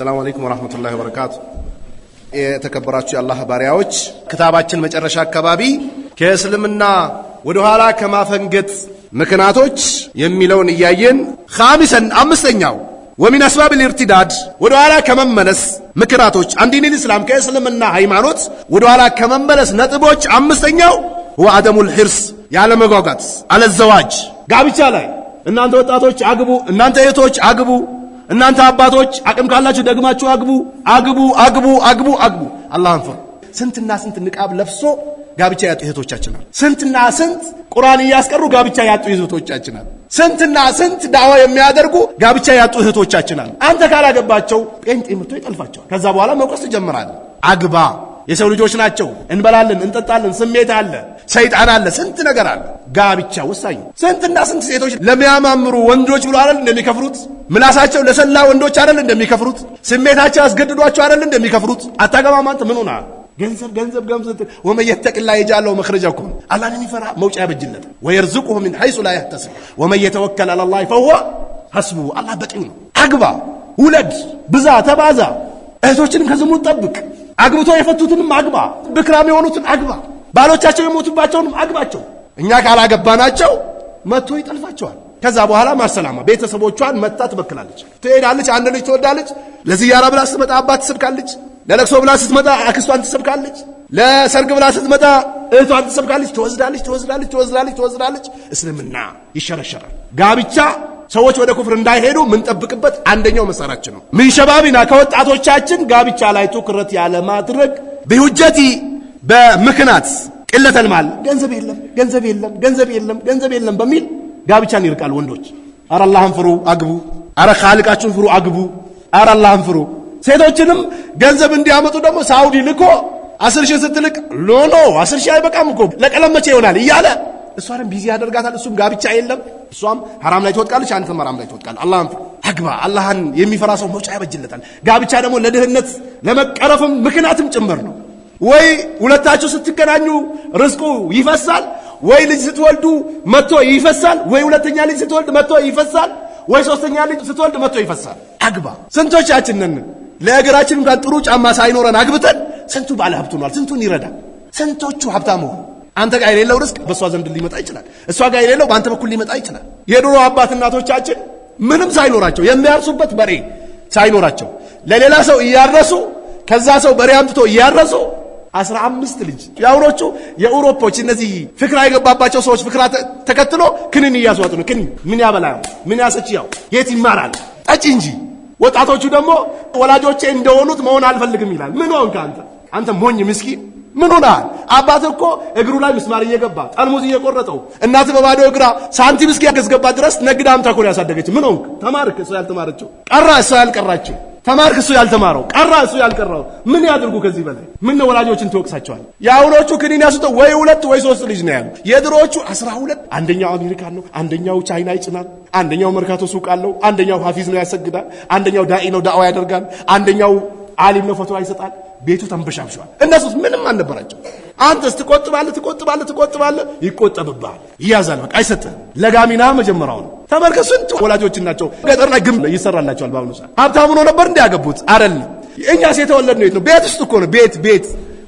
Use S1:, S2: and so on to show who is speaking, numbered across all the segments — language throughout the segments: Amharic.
S1: ሰላም አለይኩም ወራህመቱላሂ ወበረካቱ። የተከበራችሁ የአላህ ባሪያዎች፣ ክታባችን መጨረሻ አካባቢ ከእስልምና ወደ ኋላ ከማፈንገጥ ምክንያቶች የሚለውን እያየን ኻሚሰን አምስተኛው ወሚን አስባብ ልርቲዳድ ወደ ኋላ ከመመለስ ምክንያቶች አንዲኒል እስላም ከእስልምና ሃይማኖት ወደ ኋላ ከመመለስ ነጥቦች አምስተኛው ወአደሙል ሂርስ ያለ መጓጓት አለ ጋብቻ ላይ እናንተ ወጣቶች አግቡ፣ እናንተ እህቶች አግቡ እናንተ አባቶች አቅም ካላችሁ ደግማችሁ አግቡ አግቡ አግቡ አግቡ አግቡ። አላህን ፍሩ። ስንትና ስንት ንቃብ ለብሶ ጋብቻ ያጡ እህቶቻችን አሉ። ስንትና ስንት ቁርአን እያስቀሩ ጋብቻ ያጡ እህቶቻችን አሉ። ስንትና ስንት ዳዋ የሚያደርጉ ጋብቻ ያጡ እህቶቻችን አሉ። አንተ ካላገባቸው ጴንጤ ምርቶ ይጠልፋቸዋል። ከዛ በኋላ መውቀስ ትጀምራለህ። አግባ የሰው ልጆች ናቸው። እንበላለን፣ እንጠጣለን፣ ስሜት አለ፣ ሰይጣን አለ፣ ስንት ነገር አለ። ጋብቻ ወሳኝ። ስንትና ስንት ሴቶች ለሚያማምሩ ወንዶች ብሎ አይደል እንደሚከፍሩት፣ ምላሳቸው ለሰላ ወንዶች አይደል እንደሚከፍሩት፣ ስሜታቸው አስገድዷቸው አይደል እንደሚከፍሩት። አታገባም አንተ ምን ገንዘብ ገንዘብ ገንዘብ ወመን የተቅላ የጃለው መክረጃ እኮ አላህን የሚፈራ መውጫ ያበጅለት ወየርዝቁሁ ሚን ሐይሱ ላ ያህተስብ ወመን የተወከል አላ ፈሁወ ሐስቡ። አላህ በቂው ነው። አግባ፣ ውለድ፣ ብዛ፣ ተባዛ እህቶችንም ከዝሙት ጠብቅ። አግብቶ የፈቱትንም አግባ፣ ብክራም የሆኑትን አግባ፣ ባሎቻቸው የሞቱባቸውንም አግባቸው። እኛ ካላገባናቸው መጥቶ ይጠልፋቸዋል። ከዛ በኋላ ማሰላማ ቤተሰቦቿን መጥታ ትበክላለች። ትሄዳለች። አንድ ልጅ ትወልዳለች። ለዝያራ ብላ ስትመጣ አባት ትሰብካለች። ለለቅሶ ብላ ስትመጣ አክስቷን ትሰብካለች። ለሰርግ ብላ ስትመጣ እህቷን ትሰብካለች። ትወዝዳለች፣ ትወዝዳለች፣ ትወዝዳለች፣ ትወዝዳለች። እስልምና ይሸረሸራል። ጋብቻ ሰዎች ወደ ኩፍር እንዳይሄዱ ምንጠብቅበት አንደኛው መሰራችን ነው። ምን ሸባቢና ከወጣቶቻችን ጋብቻ ላይ ትኩረት ማድረግ ቢሁጀቲ በምክንያት ቅለተል ማል ገንዘብ የለም ገንዘብ የለም ገንዘብ የለም ገንዘብ የለም በሚል ጋብቻን ይርቃል ወንዶች። አረ አላህን ፍሩ አግቡ፣ አረ ካልቃችሁን ፍሩ አግቡ፣ አረ አላህን ፍሩ። ሴቶችንም ገንዘብ እንዲያመጡ ደግሞ ሳውዲ ልኮ አስር ሺህ ስትልቅ ሎሎ አስር ሺህ አይበቃም እኮ ለቀለም መቼ ይሆናል እያለ እሷንም ቢዚ ያደርጋታል። እሱም ጋብቻ የለም። እሷም ሐራም ላይ ትወጥቃለች፣ አንተም ሐራም ላይ አላህ አላህን አግባ። አላህን የሚፈራ ሰው መውጫ ያበጅለታል። ጋብቻ ደግሞ ለድህነት ለመቀረፍም ምክንያትም ጭምር ነው። ወይ ሁለታችሁ ስትገናኙ ርዝቁ ይፈሳል፣ ወይ ልጅ ስትወልዱ መጥቶ ይፈሳል፣ ወይ ሁለተኛ ልጅ ስትወልድ መጥቶ ይፈሳል፣ ወይ ሶስተኛ ልጅ ስትወልድ መጥቶ ይፈሳል። አግባ። ስንቶቻችን ነን ለእግራችን እንኳን ጥሩ ጫማ ሳይኖረን አግብተን ስንቱ ባለ ሀብት ሆኗል? ስንቱን ይረዳ? ስንቶቹ ሀብታም ሆኑ? አንተ ጋር የሌለው ርስቅ በእሷ ዘንድ ሊመጣ ይችላል። እሷ ጋር የሌለው በአንተ በኩል ሊመጣ ይችላል። የድሮ አባት እናቶቻችን ምንም ሳይኖራቸው የሚያርሱበት በሬ ሳይኖራቸው ለሌላ ሰው እያረሱ ከዛ ሰው በሬ አምጥቶ እያረሱ አስራ አምስት ልጅ የአውሮቹ የአውሮፖች እነዚህ ፍክራ የገባባቸው ሰዎች ፍክራ ተከትሎ ክንን እያስዋጡ ነው። ክን ምን ያበላ ምን ያሰች ያው የት ይማራል ጠጪ እንጂ። ወጣቶቹ ደግሞ ወላጆቼ እንደሆኑት መሆን አልፈልግም ይላል። ምን ሆንክ አንተ አንተ ሞኝ ምስኪን ምን ሆናል? አባት እኮ እግሩ ላይ ምስማር እየገባ ጠርሙዝ እየቆረጠው፣ እናት በባዶ እግራ ሳንቲም ያገዝገባ ድረስ ነግዳ አምታ እኮ ነው ያሳደገች። ምን ሆንክ? ተማርክ፣ እሷ ያልተማረችው ቀራ፣ እሷ ያልቀራችው ተማርክ እሱ ያልተማረው ቀራ እሱ ያልቀራው። ምን ያድርጉ ከዚህ በላይ ምን ነው? ወላጆችን ትወቅሳቸዋል። የአሁኖቹ ክኒን ያስወጣው ወይ ሁለት ወይ ሶስት ልጅ ነው ያሉ። የድሮዎቹ አስራ ሁለት አንደኛው አሜሪካን ነው፣ አንደኛው ቻይና ይጭናል፣ አንደኛው መርካቶ ሱቅ አለው፣ አንደኛው ሀፊዝ ነው ያሰግዳል፣ አንደኛው ዳኢ ነው ዳዋ ያደርጋል፣ አንደኛው አሊም ነው ፎቶ ይሰጣል። ቤቱ ተንበሻብሸዋል። እነሱስ ምንም አልነበራቸው። አንተስ ትቆጥባለህ ትቆጥባለህ ትቆጥባለህ፣ ይቆጠብብሃል፣ ይያዛል። በቃ አይሰጥህ። ለጋሚና መጀመሪያው ነው። ተመልከት፣ ስንት ወላጆችን ናቸው ገጠር ላይ ግንብ ይሰራላቸዋል። በአሁኑ ሰዓት ሀብታም ሆኖ ነበር እንዲያገቡት ያገቡት አይደለም። እኛ የተወለድ ነው የት ነው? ቤት ውስጥ እኮ ነው። ቤት ቤት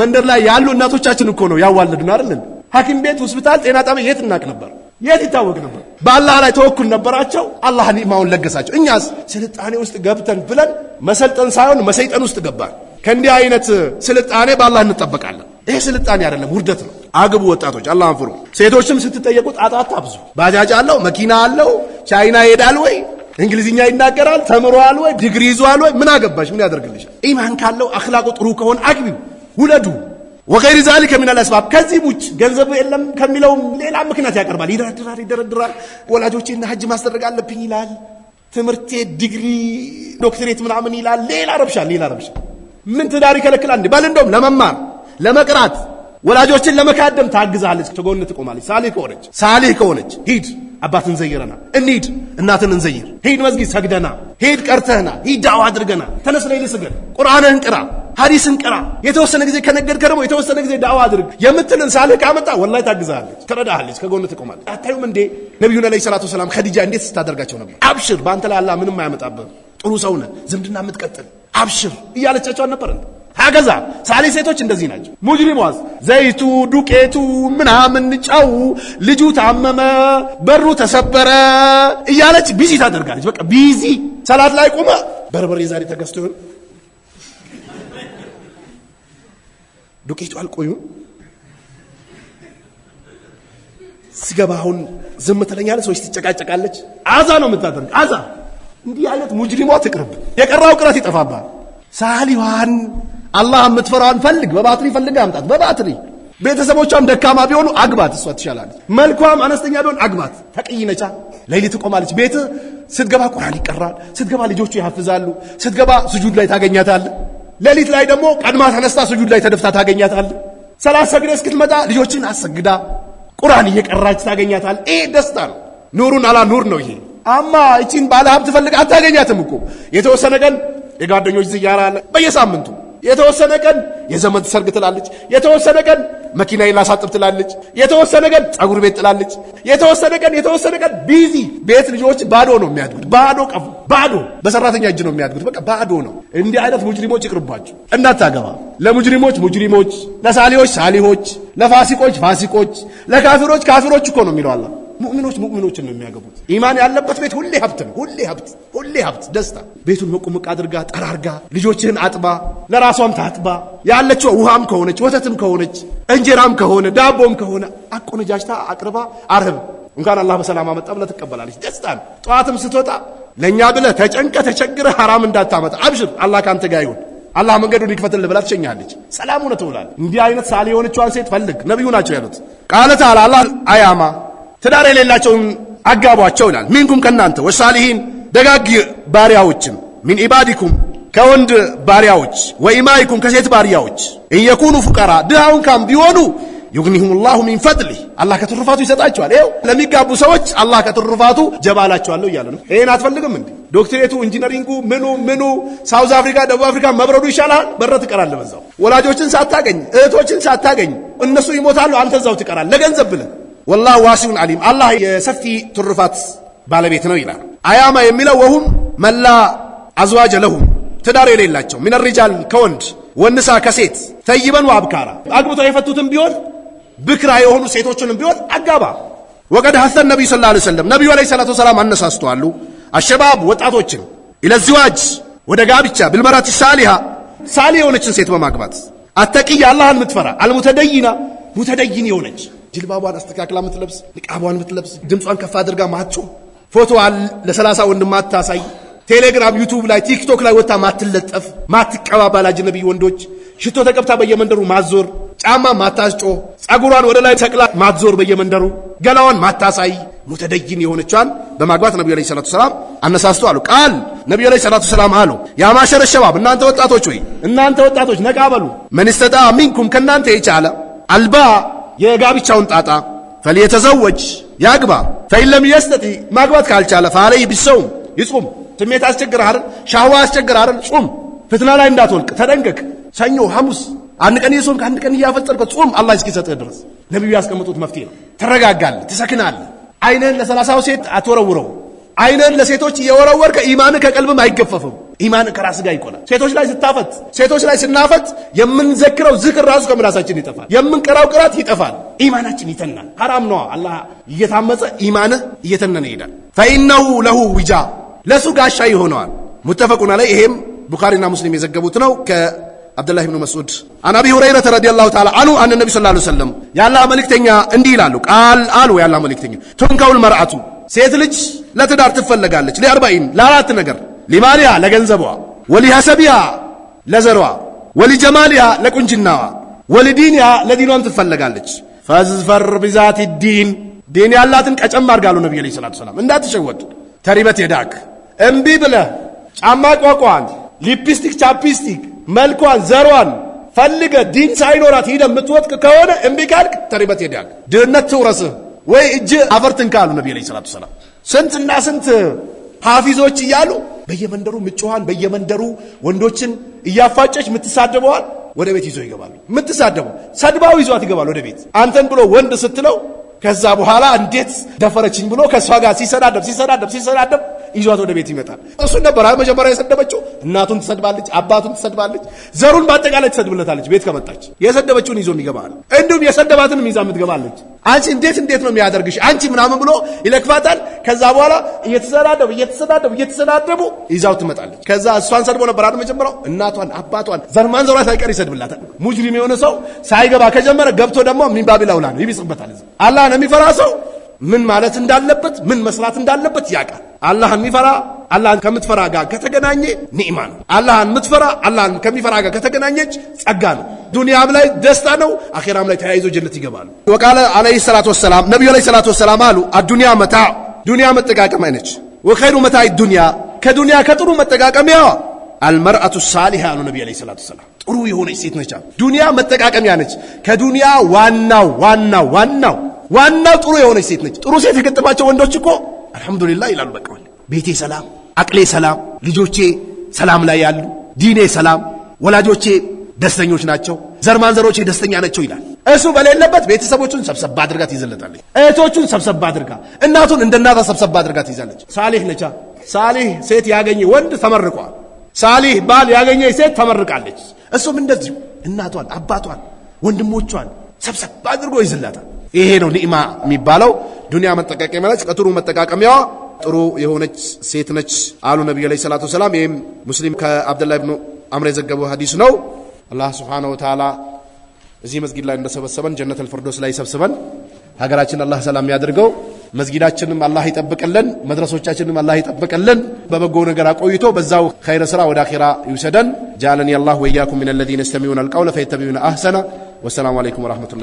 S1: መንደር ላይ ያሉ እናቶቻችን እኮ ነው ያዋለዱን አይደለም። ሐኪም ቤት፣ ሆስፒታል፣ ጤና ጣቢያ የት እናቅ ነበር? የት ይታወቅ ነበር? በአላህ ላይ ተወኩል ነበራቸው። አላህ ኒዕማውን ለገሳቸው። እኛስ ስልጣኔ ውስጥ ገብተን ብለን መሰልጠን ሳይሆን መሰይጠን ውስጥ ገባን። ከእንዲህ አይነት ስልጣኔ በአላህ እንጠበቃለን። ይሄ ስልጣኔ አይደለም፣ ውርደት ነው። አግቡ ወጣቶች፣ አላህ አንፍሩ። ሴቶችም ስትጠየቁ ጣጣ አታብዙ። ባጃጅ አለው፣ መኪና አለው፣ ቻይና ይሄዳል ወይ እንግሊዝኛ ይናገራል፣ ተምሯል ወይ ዲግሪ ይዟል ወይ ምን አገባሽ? ምን ያደርግልሽ? ኢማን ካለው አኽላቁ ጥሩ ከሆነ አግቢው፣ ውለዱ ወገይሪ ዛሊከ ሚነል አስባብ ከዚህ ውጭ ገንዘብ የለም ከሚለው ሌላ ምክንያት ያቀርባል። ይደረድራል ይደረድራል። እና ሀጅ ማስደረግ አለብኝ ይላል። ትምህርቴ ዲግሪ ዶክትሬት ምናምን ይላል። ሌላ ረብሻ ሌላ ረብሻ። ምን ትዳር ይከለክላል? በል እንደውም ለመማር ለመቅራት ወላጆችን ለመካደም ታግዛለች፣ ከጎን ትቆማለች። ሳሊህ ከሆነች ሳሊህ ከሆነች ሂድ አባትን ዘይረና እንሂድ፣ እናትን እንዘይር፣ ሂድ መስጊድ ሰግደና፣ ሂድ ቀርተህና፣ ሂድ ዳዋ አድርገና፣ ተነስ ለይል ስገድ፣ ቁርአንህን ቅራ፣ ሐዲስን ቅራ፣ የተወሰነ ጊዜ ከነገድከ ደግሞ የተወሰነ ጊዜ ዳዋ አድርግ የምትልን ሳልህ ካመጣ ወላሂ ታግዛለች፣ ትረዳሃለች፣ ከጎን ትቆማለች። አታዩም እንዴ ነቢዩን ዓለይሂ ሰላቱ ወሰላም ከዲጃ እንዴት ስታደርጋቸው ነበር? አብሽር፣ በአንተ ላይ አላህ ምንም አያመጣብህ፣ ጥሩ ሰውነ ዝምድና የምትቀጥል አብሽር እያለቻቸው አልነበረን? አገዛ ሳሌ ሴቶች እንደዚህ ናቸው። ሙጅሪሟዝ ዘይቱ፣ ዱቄቱ፣ ምናምን ጫው፣ ልጁ ታመመ፣ በሩ ተሰበረ እያለች ቢዚ ታደርጋለች። በቃ ቢዚ ሰላት ላይ ቆመ በርበሬ ዛሬ ተገዝቶ ይሆን ዱቄቱ አልቆዩም ሲገባ አሁን ዝም ትለኛለች፣ ሰዎች ትጨቃጨቃለች። አዛ ነው የምታደርግ አዛ። እንዲህ አይነት ሙጅሪሟ ትቅርብ፣ የቀራው ቅረት ይጠፋባል። ሳሊዋን አላህ የምትፈራዋን ፈልግ። በባትሪ ፈልግ አምጣት። በባትሪ ቤተሰቦቿም ደካማ ቢሆኑ አግባት፣ እሷ ትሻላለች። መልኳም አነስተኛ ቢሆን አግባት። ተቀይነቻ ሌሊት ቆማለች። ቤት ስትገባ ቁርአን ይቀራል፣ ስትገባ ልጆቹ ያፍዛሉ፣ ስትገባ ስጁድ ላይ ታገኛታል። ሌሊት ላይ ደግሞ ቀድማ ተነስታ ስጁድ ላይ ተደፍታ ታገኛታል። ሰላት ሰግደ እስክትመጣ ልጆችን አሰግዳ ቁርአን እየቀራች ታገኛታል። ይሄ ደስታ ነው። ኑሩን አላ ኑር ነው ይሄ። አማ እቺን ባለ ሀብት ፈልግ አታገኛትም እኮ የተወሰነ ቀን የጓደኞች ዝያራ አለ በየሳምንቱ የተወሰነ ቀን የዘመድ ሰርግ ትላለች፣ የተወሰነ ቀን መኪና ላሳጥብ ትላለች፣ የተወሰነ ቀን ጸጉር ቤት ትላለች፣ የተወሰነ ቀን የተወሰነ ቀን ቢዚ ቤት። ልጆች ባዶ ነው የሚያድጉት፣ ባዶ ቀፉ፣ ባዶ በሰራተኛ እጅ ነው የሚያድጉት። በቃ ባዶ ነው። እንዲህ አይነት ሙጅሪሞች ይቅርባችሁ። እናታገባ ለሙጅሪሞች ሙጅሪሞች፣ ለሳሊዎች ሳሊሆች፣ ለፋሲቆች ፋሲቆች፣ ለካፊሮች ካፊሮች እኮ ነው የሚለው አላ ሙእሚኖች ሙእሚኖችን ነው የሚያገቡት። ኢማን ያለበት ቤት ሁሌ ሀብት ነው። ሁሌ ሀብት፣ ሁሌ ሀብት፣ ደስታ። ቤቱን መቁምቅ አድርጋ ጠራርጋ፣ ልጆችህን አጥባ፣ ለራሷም ታጥባ ያለችው ውሃም ከሆነች ወተትም ከሆነች እንጀራም ከሆነ ዳቦም ከሆነ አቆነጃጅታ አቅርባ አርህብ እንኳን አላህ በሰላም አመጣ ብለ ትቀበላለች። ደስታ ነው። ጠዋትም ስትወጣ ለእኛ ብለ ተጨንቀ ተቸግረ ሐራም እንዳታመጣ አብሽር፣ አላህ ከአንተ ጋር ይሁን አላህ መንገዱን ይክፈትልህ ብላ ትሸኛለች። ሰላም ነው ትውላል። እንዲህ አይነት ሳሌ የሆነችዋን ሴት ፈልግ። ነቢዩ ናቸው ያሉት። ቃለ ተዓላ አላህ አያማ ትዳር የሌላቸውን አጋቧቸው ይላል። ሚንኩም ከእናንተ ወሳሊሂን ደጋግ ባሪያዎችም ሚን ኢባዲኩም ከወንድ ባሪያዎች ወኢማይኩም ከሴት ባሪያዎች እየኩኑ ፉቀራ ድሃውን ካም ቢሆኑ ዩግኒሁም ላሁ ሚን ፈድሊህ አላህ ከትሩፋቱ ይሰጣቸዋል። ይኸው ለሚጋቡ ሰዎች አላህ ከትሩፋቱ ጀባላቸዋለሁ እያለ ነው። ይህን አትፈልግም እንዴ? ዶክትሬቱ፣ ኢንጂነሪንጉ፣ ምኑ ምኑ፣ ሳውዝ አፍሪካ፣ ደቡብ አፍሪካ መብረዱ ይሻልሃል። በረ ትቀራለህ በዛው ወላጆችን ሳታገኝ እህቶችን ሳታገኝ እነሱ ይሞታሉ፣ አንተ እዛው ትቀራል ለገንዘብ ብለን ወላ ዋሲውን አሊም አላህ የሰፊ ትሩፋት ባለቤት ነው ይላል። አያማ የሚለው ወሁም መላ አዝዋጀ ለሁም ትዳር የሌላቸው ሚነ ሪጃል ከወንድ ወንሳ ከሴት ተይበን ወአብካራ አግብተው የፈቱትም ቢሆን ብክራ የሆኑ ሴቶችንም ቢሆን አጋባ። ወቀድ ሀሰን ነቢዩ ስላ ላ ሰለም ነቢዩ ዐለይሂ ሰላቱ ወሰላም አነሳስተዋሉ አሸባብ ወጣቶችን ኢለዚዋጅ ወደ ጋብቻ ብልመራት ሳሊሃ ሳሊ የሆነችን ሴት በማግባት አተቅያ አላህን የምትፈራ አልሙተደይና ሙተደይን የሆነች ጅልባቧን አስተካክላ ምትለብስ፣ ንቃቧን ምትለብስ፣ ድምጿን ከፍ አድርጋ ማቾ ፎቶ ለሰላሳ ወንድ ማታሳይ ቴሌግራም፣ ዩቱብ ላይ ቲክቶክ ላይ ወታ ማትለጠፍ ማትቀባባል አጅነቢይ ወንዶች ሽቶ ተቀብታ በየመንደሩ ማዞር ጫማ ማታስጮ ጸጉሯን ወደ ላይ ሰቅላ ማትዞር በየመንደሩ ገላዋን ማታሳይ ሙተደይን የሆነቿን በማግባት ነቢዩ ዓለይሂ ሰላቱ ሰላም አነሳስቶ አሉ። ቃል ነቢዩ ዓለይሂ ሰላቱ ሰላም አሉ፣ ያ ማሸረ ሸባብ እናንተ ወጣቶች ወይ እናንተ ወጣቶች ነቃ በሉ መን ስተጣ ሚንኩም ከእናንተ የቻለ አልባ የጋብቻውን ጣጣ ፈልየተዘወጅ ያግባ፣ ፈይለም የስተቲ ማግባት ካልቻለ ፋለይ ቢሰውም ይጹም። ስሜት አስቸግር አይደል? ሻህዋ አስቸግር አይደል? ጹም። ፍትና ላይ እንዳትወልቅ ተጠንቀቅ። ሰኞ፣ ሐሙስ አንድ ቀን እየጾምክ አንድ ቀን እያፈጠርክ ጾም አላህ እስኪሰጥህ ድረስ ነቢዩ ያስቀምጡት መፍትሄ ነው። ትረጋጋለህ፣ ትሰክናለህ። አይንህን ለሰላሳው ሴት አትወረውረው። አይንህን ለሴቶች እየወረወርከ ኢማንህ ከቀልብም አይገፈፍም። ኢማን ከራስ ጋር ይቆላል። ሴቶች ላይ ስታፈት፣ ሴቶች ላይ ስናፈት የምንዘክረው ዝክር ራሱ ከምላሳችን ይጠፋል። የምንቀራው ቅራት ይጠፋል። ኢማናችን ይተናል። ሐራም ነዋ። አላህ እየታመፀ ኢማንህ እየተነነ ይሄዳል። ፈኢነሁ ለሁ ዊጃ ለሱ ጋሻ ይሆነዋል። ሙተፈቁን አለይ። ይሄም ቡኻሪና ሙስሊም የዘገቡት ነው ከአብዱላህ ብኑ መስዑድ አን አቢ ሁረይረተ ረዲየላሁ ተዓላ አንሁ አን ነቢ ሰለላሁ ዐለይሂ ወሰለም ያላ መልእክተኛ እንዲህ ይላሉ። ቃል አሉ ያላ መልእክተኛ ቱንከውል መርአቱ ሴት ልጅ ለትዳር ትፈለጋለች ሊአርባኢን ለአራት ነገር ሊማሊያ ለገንዘቧ፣ ወሊሐሰቢያ ለዘሯ፣ ወሊጀማሊያ ለቁንጅናዋ፣ ወሊዲንያ ለዲኗም ትፈለጋለች። ፈዝፈር ቢዛቲ ዲን ዲን ያላትን ቀጨም አድርጋሉ ነቢ ዐለይሂ ሰላቱ ሰላም። እንዳትሸወድ ተሪበት የዳክ እምቢ ብለህ ጫማ ቋቋን፣ ሊፕስቲክ፣ ቻፕስቲክ መልኳን፣ ዘሯን ፈልገ ዲን ሳይኖራት ሂደ የምትወጥቅ ከሆነ እምቢ ካልክ ተሪበት የዳክ ድህነት ትውረስህ ወይ እጅ አፈርትን ካሉ ነቢ ዐለይሂ ሰላቱ ሰላም ስንትና ስንት ሐፊዞች እያሉ በየመንደሩ ምጭኋን በየመንደሩ ወንዶችን እያፋጨች የምትሳደበዋል ወደ ቤት ይዞ ይገባሉ። የምትሳደቡ ሰድባው ይዟት ይገባል ወደ ቤት። አንተን ብሎ ወንድ ስትለው ከዛ በኋላ እንዴት ደፈረችኝ ብሎ ከእሷ ጋር ሲሰዳደብ ሲሰዳደብ ሲሰዳደብ ይዟት ወደ ቤት ይመጣል። እሱን ነበር መጀመሪያ የሰደበችው። እናቱን ትሰድባለች፣ አባቱን ትሰድባለች፣ ዘሩን በአጠቃላይ ትሰድብለታለች። ቤት ከመጣች የሰደበችውን ይዞ ይገባል። እንዲሁም የሰደባትንም ይዛ የምትገባለች። አንቺ እንዴት እንዴት ነው የሚያደርግሽ አንቺ ምናምን ብሎ ይለክፋታል። ከዛ በኋላ እየተሰዳደቡ እየተሰዳደቡ እየተሰዳደቡ ይዛው ትመጣለች። ከዛ እሷን ሰድቦ ነበር አይደል መጀመሪያው እናቷን፣ አባቷን ዘርማን ዘሯ ሳይቀር ይሰድብላታል። ሙጅሪም የሆነ ሰው ሳይገባ ከጀመረ ገብቶ ደግሞ ሚንባቢላውላ ነው ይብስበታል። አላህን የሚፈራ ሰው ምን ማለት እንዳለበት ምን መስራት እንዳለበት ያውቃል። አላህን የሚፈራ አላህን ከምትፈራ ጋር ከተገናኘ ኒዕማ ነው። አላህን የምትፈራ አላህን ከሚፈራ ጋር ከተገናኘች ጸጋ ነው። ዱንያም ላይ ደስታ ነው፣ አኼራም ላይ ተያይዞ ጀነት ይገባሉ። ወቃለ አለይሂ ሰላት ወሰላም ነቢዩ አለይሂ ሰላት ወሰላም አሉ አዱንያ መታ ዱንያ መጠቃቀም አይነች። ወኸይሩ መታ ዱንያ ከዱንያ ከጥሩ መጠቃቀሚያዋ አልመርአቱ ሳሊሃ አሉ ነቢ አለይሂ ሰላት ወሰላም ጥሩ የሆነች ሴት ነች። ዱንያ መጠቃቀሚያ ነች። ከዱንያ ዋናው ዋናው ዋናው ዋናው ጥሩ የሆነች ሴት ነች። ጥሩ ሴት የገጠማቸው ወንዶች እኮ አልሐምዱሊላህ ይላሉ። በቃ ቤቴ ሰላም፣ አቅሌ ሰላም፣ ልጆቼ ሰላም ላይ ያሉ፣ ዲኔ ሰላም፣ ወላጆቼ ደስተኞች ናቸው፣ ዘር ደስተኛ ናቸው ይላል። እሱ በሌለበት ቤተሰቦቹን ሰብሰባ አድርጋ ትይዘለታለች። እህቶቹን ሰብሰባ አድርጋ፣ እናቱን እንደ እናቷ ሰብሰባ አድርጋ ትይዛለች። ሳሊህ ነቻ። ሳሊህ ሴት ያገኘ ወንድ ተመርቋል። ሳሊህ ባል ያገኘ ሴት ተመርቃለች። እሱም እንደዚሁ እናቷን፣ አባቷን፣ ወንድሞቿን ሰብሰብ አድርጎ ይዝላታል። ይሄ ነው ኒዕማ የሚባለው። ዱንያ መጠቃቀሚያ ማለት ከጥሩ መጠቃቀሚያዋ ጥሩ የሆነች ሴት ነች አሉ ነቢዩ ዐለይሂ ሰላቱ ወሰላም። ይህም ሙስሊም ከአብደላህ ብኑ አምር የዘገበው ሀዲስ ነው። አላህ ስብሓነሁ ወተዓላ እዚህ መስጊድ ላይ እንደሰበሰበን ጀነት አልፈርዶስ ላይ ሰብስበን ሀገራችን አላህ ሰላም ያድርገው። መስጊዳችንም አላህ ይጠብቅልን፣ መድረሶቻችንም አላህ ይጠብቅልን። በበጎ ነገር አቆይቶ በዛው ኸይረ ስራ ወደ አኺራ ይውሰደን። ያላህ ወያኩም ሚነ ሚነለዚነ የስተሚዑነ አልቀውለ ፈየተቢዑነ አሕሰነ። ወሰላሙ አለይኩም ወረሕመቱላህ